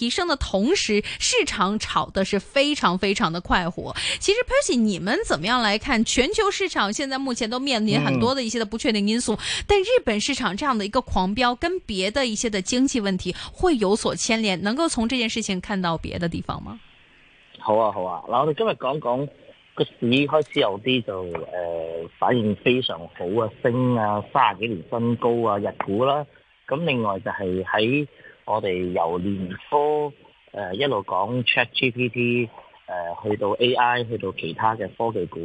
提升的同時，市場炒的是非常非常的快活。其實，Percy，你們怎麼樣來看全球市場？現在目前都面臨很多的一些的不確定因素，嗯。但日本市場這樣的一個狂飆，跟別的一些的經濟問題會有所牽連。能夠從這件事情看到別的地方嗎？好啊，好啊。嗱，我哋今日講講個市開始有啲就，呃、反應非常好啊，升啊，三十幾年新高啊，日股啦。咁另外就係喺。我哋由年初誒一路講 ChatGPT 誒，去到 AI，去到其他嘅科技股，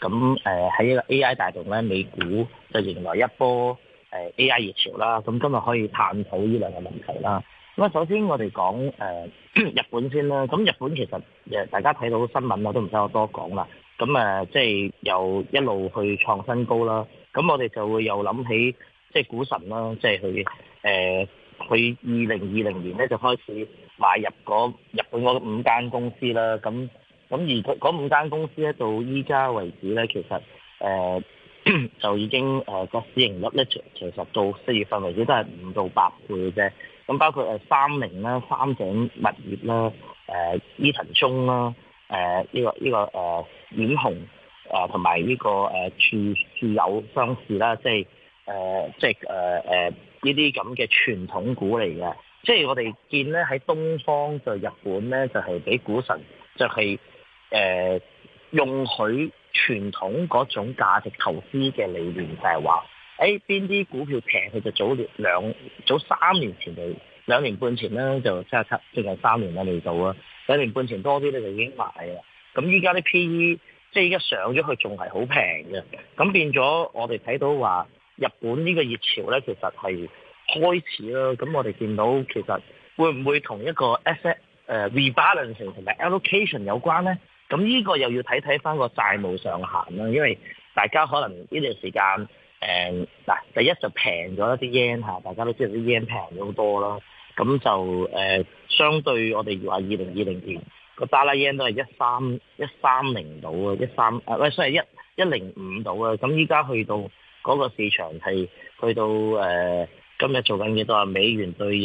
咁誒喺一個 AI 大動咧，美股就迎來一波誒 AI 熱潮啦。咁今日可以探討呢兩個問題啦。咁啊，首先我哋講誒日本先啦。咁日本其實誒大家睇到新聞，我都唔使我多講啦。咁誒即係又一路去創新高啦。咁我哋就會又諗起即係股神啦，即係去誒。佢二零二零年咧就開始買入日本嗰五間公司啦，咁咁而佢嗰五間公司咧到依家為止咧，其實誒、呃、就已經誒個、呃、市盈率咧，其實到四月份為止都係五到八倍嘅啫。咁包括誒三菱啦、三井物業啦、誒、呃、伊藤忠啦、誒、呃、呢、呢個呢、呃呃呢個誒丸紅啊，同埋呢個誒住友商事啦，即係誒、呃、即係誒誒。呃呃呢啲咁嘅傳統股嚟嘅，即係我哋見咧喺東方就日本咧，就係誒俾股神就係用佢傳統嗰種價值投資嘅理念，就係話誒邊啲股票平，佢就早兩早三年前就兩年半前啦，就七係七即係三年啦未到兩年半前多啲咧就已經買啦。咁依家啲 P E 即係依家上咗去，仲係好平嘅。咁變咗我哋睇到話。日本呢個熱潮咧，其實係開始咯。咁我哋見到其實會唔會同一個 asset rebalance 同埋 allocation 有關咧？咁呢個又要睇睇翻個債務上限啦。因為大家可能呢段時間誒嗱、呃，第一就平咗一啲 yen 嚇，大家都知道啲 yen 平咗好多啦。咁就誒、呃、相對我哋話二零二零年個渣拉 yen 都係一三一三零度啊，一三誒唔係算一一零五度啊。咁依家去到。嗰、那個市場係去到誒、呃、今日做緊幾多啊？美元對日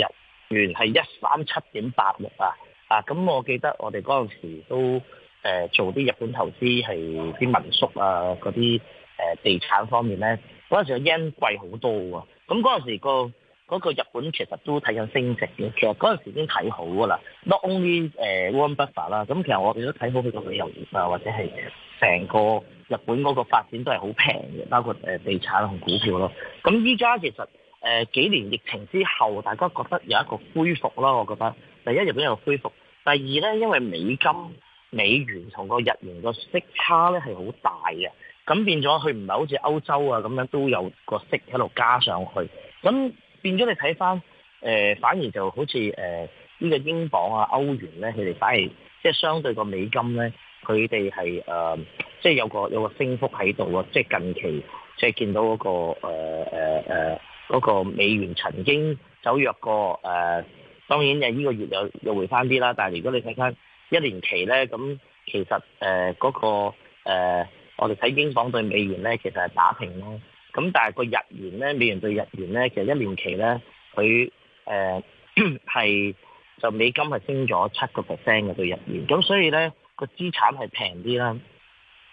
元係一三七點八六啊啊！咁、啊、我記得我哋嗰陣時都誒、呃、做啲日本投資係啲民宿啊、嗰啲誒地產方面咧，嗰陣時嘅 yen 貴好多喎、啊。咁嗰陣時、那個嗰、那個日本其實都睇緊升值嘅，其實嗰陣時已經睇好㗎啦。Not only 誒 Warren Buffett 啦，咁其實我哋都睇好佢個旅遊業啊，或者係成個日本嗰個發展都係好平嘅，包括地產同股票咯。咁依家其實誒、呃、幾年疫情之後，大家覺得有一個恢復囉。我覺得第一日本有個恢復，第二呢，因為美金美元同個日元個息差呢係好大嘅，咁變咗佢唔係好似歐洲啊咁樣都有個息喺度加上去咁。變咗你睇翻，誒、呃、反而就好似誒呢個英鎊啊、歐元咧，佢哋反而即係、就是、相對個美金咧，佢哋係誒即係有個有個升幅喺度啊！即、就、係、是、近期即係見到嗰、那個誒誒誒美元曾經走弱過誒、呃，當然誒呢個月又又回翻啲啦。但係如果你睇翻一年期咧，咁其實誒嗰、呃那個、呃、我哋睇英鎊對美元咧，其實係打平咯。咁但係個日元咧，美元對日元咧，其實一年期咧，佢誒係就美金係升咗七個 percent 嘅對日元。咁所以咧個資產係平啲啦。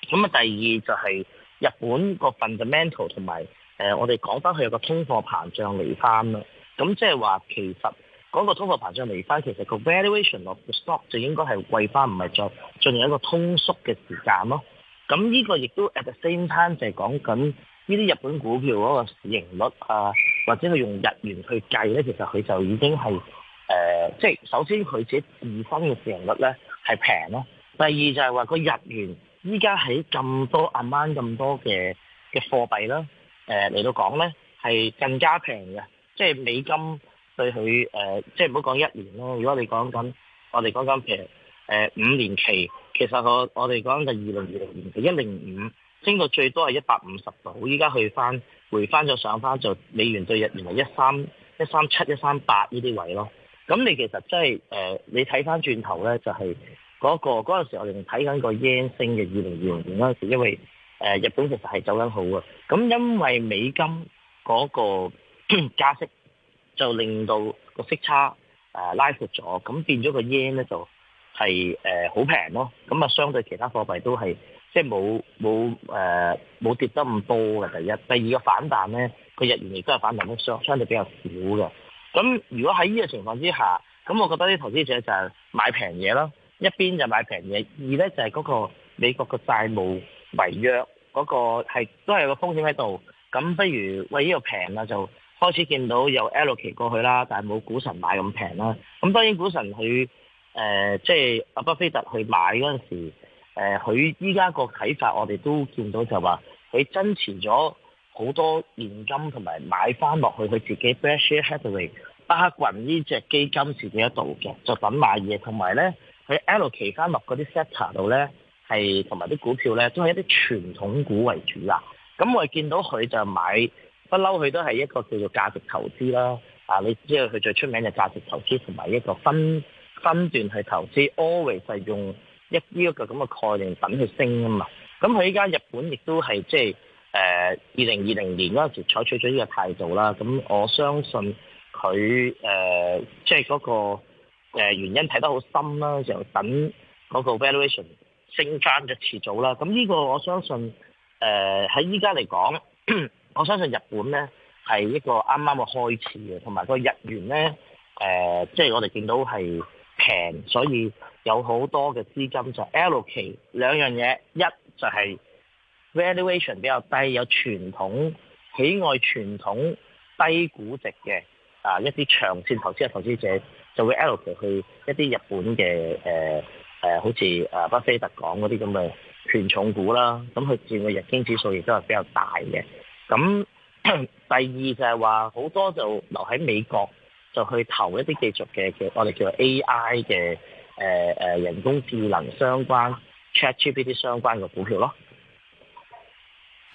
咁啊，第二就係日本個 fundamental 同埋誒我哋講翻佢有個通貨膨脹嚟翻囉。咁即係話其實講個通貨膨脹嚟翻，其實個 valuation of the stock 就應該係貴翻，唔係再進入一個通縮嘅時間咯。咁呢個亦都 at the same time 就係講緊。呢啲日本股票嗰個市盈率啊，或者係用日元去計咧，其實佢就已經係誒，即係首先佢自己自身嘅市盈率咧係平咯。第二就係話個日元依家喺咁多 amount 咁多嘅嘅貨幣啦，誒嚟到講咧係更加平嘅，即係美金對佢誒，即係唔好講一年咯，如果你講緊我哋講緊譬如誒五年期。其實我我哋講嘅二零二零年嘅一零五升到最多係一百五十度，依家去翻回翻咗上翻就美元對日原來一三一三七一三八呢啲位咯。咁你其實真係誒，你睇翻轉頭咧就係、是、嗰、那個嗰、那個、時我哋睇緊個 yen 升嘅二零二零年嗰陣、那個、時，因為誒、呃、日本其實係走緊好啊。咁因為美金嗰、那個 加息就令到個息差誒、呃、拉闊咗，咁變咗個 yen 咧就。係誒好平咯，咁啊相對其他貨幣都係即係冇冇誒冇跌得咁多嘅。第一，第二個反彈咧，佢日元亦都係反彈得少，相對比較少嘅。咁如果喺呢個情況之下，咁我覺得啲投資者就係買平嘢咯，一邊就買平嘢，二咧就係嗰個美國個債務違約嗰個係都係個風險喺度，咁不如喂呢個平啊就開始見到有 L 期過去啦，但係冇股神買咁平啦。咁當然股神佢。誒、呃，即係阿巴菲特去買嗰陣時，佢依家個睇法，我哋都見到就話，佢增持咗好多現金，同埋買翻落去佢自己 b l a s h e Hedgerie 巴銀呢隻基金自己一度嘅，就等買嘢。同埋咧，佢 L 期翻落嗰啲 settle 度咧，係同埋啲股票咧，都係一啲傳統股為主啦。咁我哋見到佢就買，不嬲佢都係一個叫做價值投資啦。啊，你知道佢最出名嘅價值投資同埋一個分。分段去投資，always 係用一啲嗰個咁嘅概念等佢升啊嘛。咁佢依家日本亦都係即係誒二零二零年嗰陣時採取咗呢個態度啦。咁我相信佢即係嗰個、呃、原因睇得好深啦，就等嗰個 valuation 升翻嘅遲早啦。咁呢個我相信喺依家嚟講，我相信日本咧係一個啱啱嘅開始嘅，同埋個日元咧即係我哋見到係。嗯，所以有好多嘅資金就 allocate 兩樣嘢，一就係 valuation 比較低，有傳統喜愛傳統低估值嘅啊一啲長線投資嘅投資者就會 allocate 去一啲日本嘅，啊啊，好似啊巴菲特講嗰啲咁嘅權重股啦，咁佢佔嘅日經指數亦都係比較大嘅。咁第二就係話好多就留喺美國。就去投一啲技術嘅嘅，我哋叫做 AI 嘅、呃，人工智能相關 ChatGPT 相關嘅股票咯。.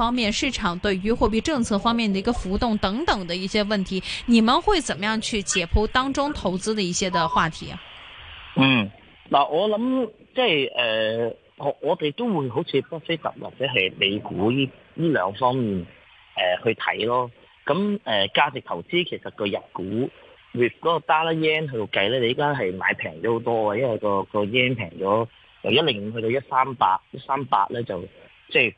方面，市場對於貨幣政策方面的一個浮動等等的一些問題，你們會怎麼樣去解剖當中投資的一些的話題？嗯，嗱、呃，我諗即係誒，我我哋都會好似巴菲特或者係美股呢呢兩方面誒、呃、去睇咯。咁誒、呃，價值投資其實日個入股 with 個 dollar yen 去度計咧，你依家係買平咗好多啊，因為個個 yen 平咗由一零五去到一三八，一三八咧就即係。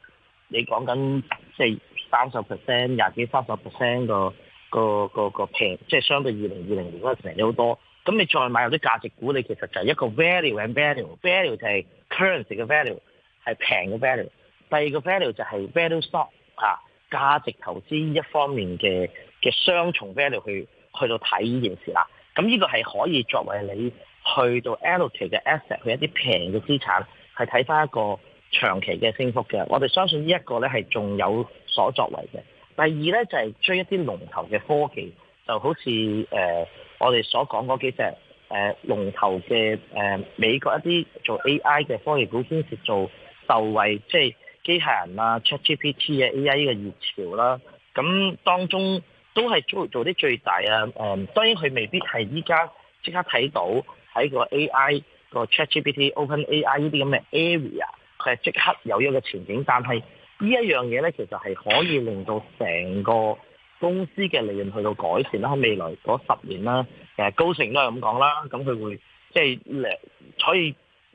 你講緊即係三十 percent、廿幾、三十 percent 個個個個平，即係相對二零二零年嗰陣平咗好多。咁你再買入啲價值股，你其實就係一個 value and value。value 就係 currency 嘅 value 係平嘅 value。第二個 value 就係 value stock 啊，價值投資一方面嘅嘅雙重 value 去去到睇呢件事啦。咁呢個係可以作為你去到 allocate 嘅 asset 去一啲平嘅資產，係睇返一個長期嘅升幅嘅，我哋相信呢一個呢係仲有所作為嘅。第二呢，就係、是、追一啲龍頭嘅科技，就好似誒、呃、我哋所講嗰幾隻誒龍頭嘅誒、呃、美國一啲做 A I 嘅科技股，兼是做受惠，即係機械人啊、ChatGPT 嘅 A I 嘅熱潮啦。咁、嗯、當中都係做做啲最大啊、嗯。當然佢未必係依家即刻睇到喺個 A I 個 ChatGPT、OpenAI 呢啲咁嘅 area。即刻有一個前景，但係呢一樣嘢咧，其實係可以令到成個公司嘅利潤去到改善啦。喺未來那十年啦，誒高盛都係咁講啦，咁佢會即係令，所、就是、以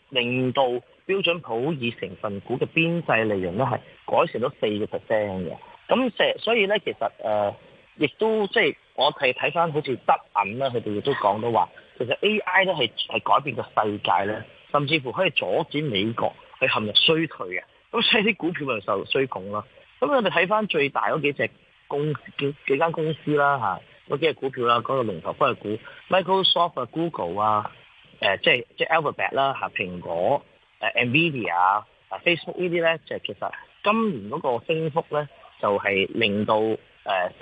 令到標準普爾成分股嘅邊際利潤都係改善咗四個 percent 嘅。咁成所以咧，其實誒亦、呃、都即係我係睇翻好似德銀啦，佢哋亦都講到話，其實 A.I. 咧係係改變個世界咧，甚至乎可以阻止美國。佢陷入衰退嘅，咁所以啲股票咪受衰拱啦，咁我哋睇翻最大嗰幾隻公司、幾間公司啦，嗰幾隻股票啦，嗰、嗰個龍頭科技股，Microsoft、Google 啊，即係即係 Alphabet 啦、啊、蘋果、Nvidia 啊、Facebook 呢啲咧，就係、其實今年嗰個升幅咧，就係、係、令到成、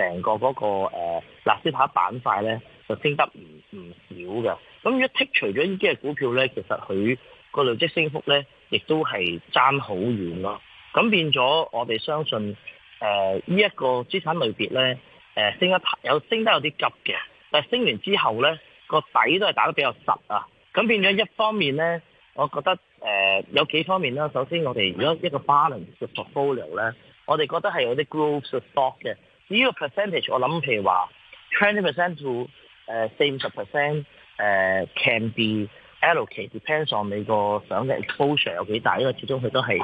呃、個嗰、嗰個納、呃、斯達板塊咧，就升得唔唔少嘅。咁如果剔除咗呢啲嘅股票咧，其實佢。個累積升幅咧，亦都係爭好遠咯。咁變咗，我哋相信誒呢一個資產類別咧，誒升得有升得有啲急嘅，但係升完之後咧，個底都係打得比較實啊。咁變咗一方面咧，我覺得誒、呃、有幾方面啦。首先，我哋如果一個 balance 嘅 portfolio 咧，我哋覺得係有啲 growth stock 嘅呢、呢個 percentage，我諗譬如話 twenty percent to 誒四五十 percent 誒 can be。Alloc 其實 depends on 你個想嘅 exposure 有幾大，因為始終佢都係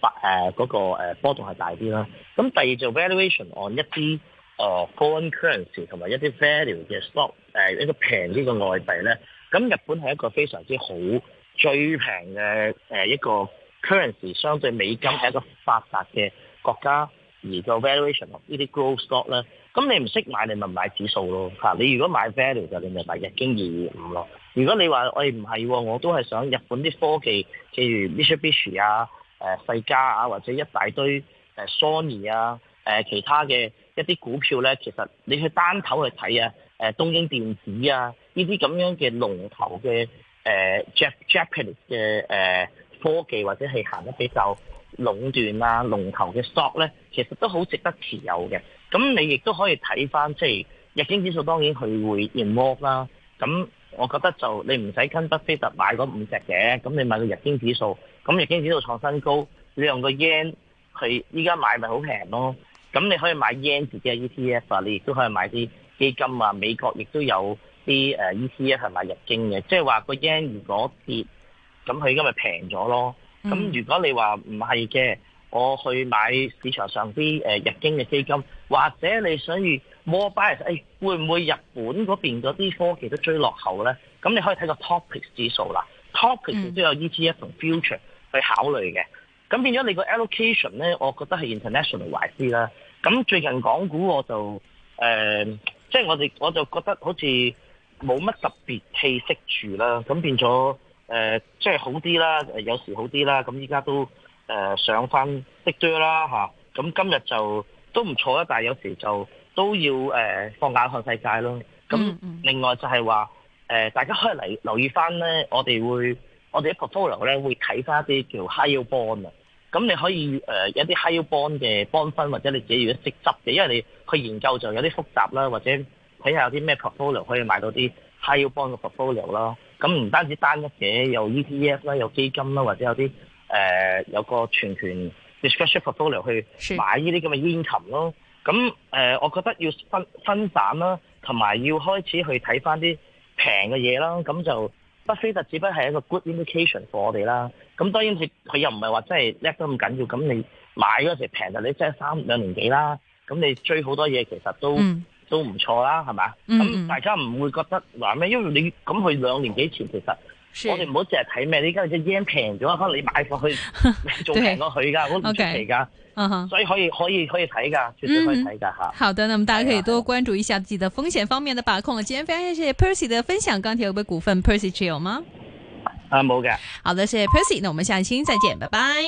八誒嗰個波動係大啲啦。咁第二就 valuation on 一啲誒、呃、foreign currency 同埋一啲 value 嘅 stock 誒、呃、一個平啲嘅外幣咧。咁日本係一個非常之好最平嘅誒一個 currency，相對美金係一個發達嘅國家，而個 valuation of 呢啲 growth stock 咧，咁你唔識買你咪買指數咯嚇。你如果買 value 你就你咪買日經二日經二二五咯。如果你話我哋唔係喎，我都係想日本啲科技，譬如 Mitsubishi 啊、誒、啊、世嘉啊，或者一大堆誒 Sony 啊、誒、啊、其他嘅一啲股票咧，其實你去單頭去睇啊，誒、啊、東京電子啊，呢啲咁樣嘅龍頭嘅誒 Jap Japanese 嘅誒科技或者係行得比較壟斷啊龍頭嘅 stock 咧，其實都好值得持有嘅。咁你亦都可以睇返，即係日經指數當然佢會 involve 啦，咁。我覺得就你唔使跟巴菲特買嗰五隻嘅，咁你買個日經指數，咁日經指數創新高，你用個 yen 去依家買咪好平咯。咁你可以買 yen 自己 E T F 啊，你亦都可以買啲基金啊。美國亦都有啲 E T F 係買日經嘅，即係話個 yen 如果跌，咁佢依家咪平咗咯。咁如果你話唔係嘅。我去買市場上啲、呃、日經嘅基金，或者你想以 more bias，誒會唔會日本嗰邊嗰啲科技都追落後咧？咁你可以睇個 Topics 指數啦、mm.，Topics 都有 E T F 同 Future 去考慮嘅。咁變咗你個 allocation 咧，我覺得係 international 化啲啦。咁最近港股我就誒，即、呃、係、就是、我哋我就覺得好似冇乜特別氣息住啦。咁變咗誒，即、呃、係、就是、好啲啦，有時好啲啦。咁依家都。誒、呃、上翻息多啦吓，咁、啊、今日就都唔錯啦，但係有時就都要誒、呃、放眼看世界咯。咁另外就係話誒，大家可以嚟留意翻咧，我哋會我哋啲 portfolio 咧會睇翻一啲叫 high bond 啊。咁你可以誒、呃、有啲 high bond 嘅幫分，或者你自己如果識執嘅，因為你去研究就有啲複雜啦，或者睇下有啲咩 portfolio 可以買到啲 high bond 嘅 portfolio 咯。咁唔單止單一嘅，有 ETF 啦，有基金啦，或者有啲。誒、呃、有個全權 discretion portfolio 去買呢啲咁嘅 income 咯，咁誒、嗯呃，我覺得要分分散啦，同埋要開始去睇翻啲平嘅嘢啦，咁、嗯、就巴菲特只不係一個 good indication for 我哋啦。咁、嗯、當然，佢佢又唔係話真係叻得咁緊要。咁你買嗰時平嘅，你即係三兩年幾啦。咁你追好多嘢，其實都、嗯、都唔錯啦，係咪？咁、嗯嗯嗯、大家唔會覺得話咩？因為你咁佢兩年幾前其實。我哋唔好淨係睇咩？呢家隻煙平咗，可能你買翻去仲平過佢噶，好唔出奇噶。 okay. uh -huh. 所以可以可以可以睇噶，絕對可以睇噶吓。好的，那麼大家可以多關注一下自己的風險方面的把控。今天非常謝謝 Percy 的分享，鋼鐵有畀股份 Percy 持有嗎？啊，冇嘅。好的，謝謝 Percy 那我們下期再見，拜拜。